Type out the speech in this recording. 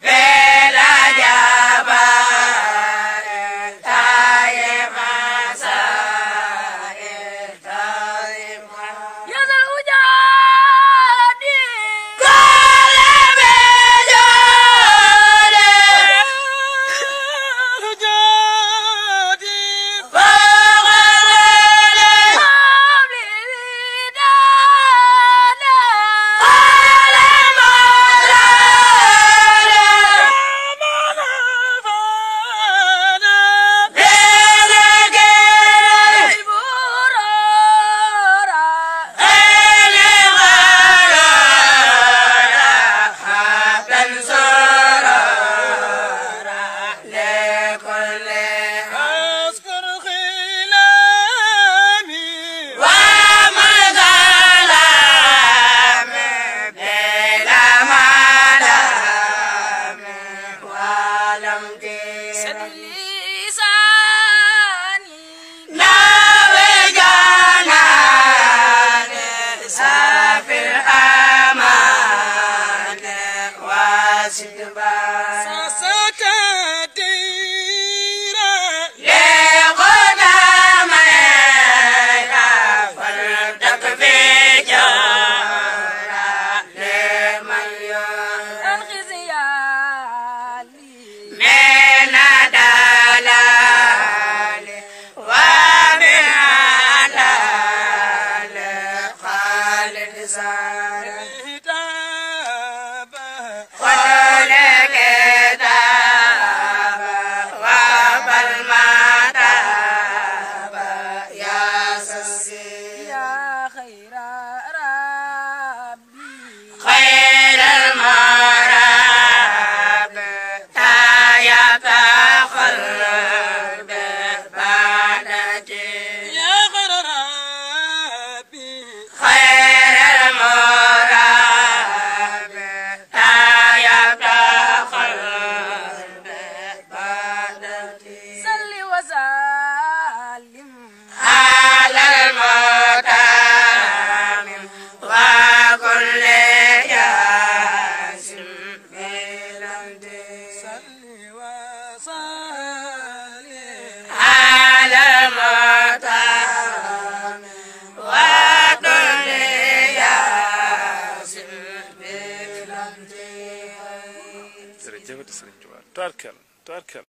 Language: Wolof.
Hey. في الأمان واسد jëfati sëriñ Tuubaa tubaarkal tubaarkal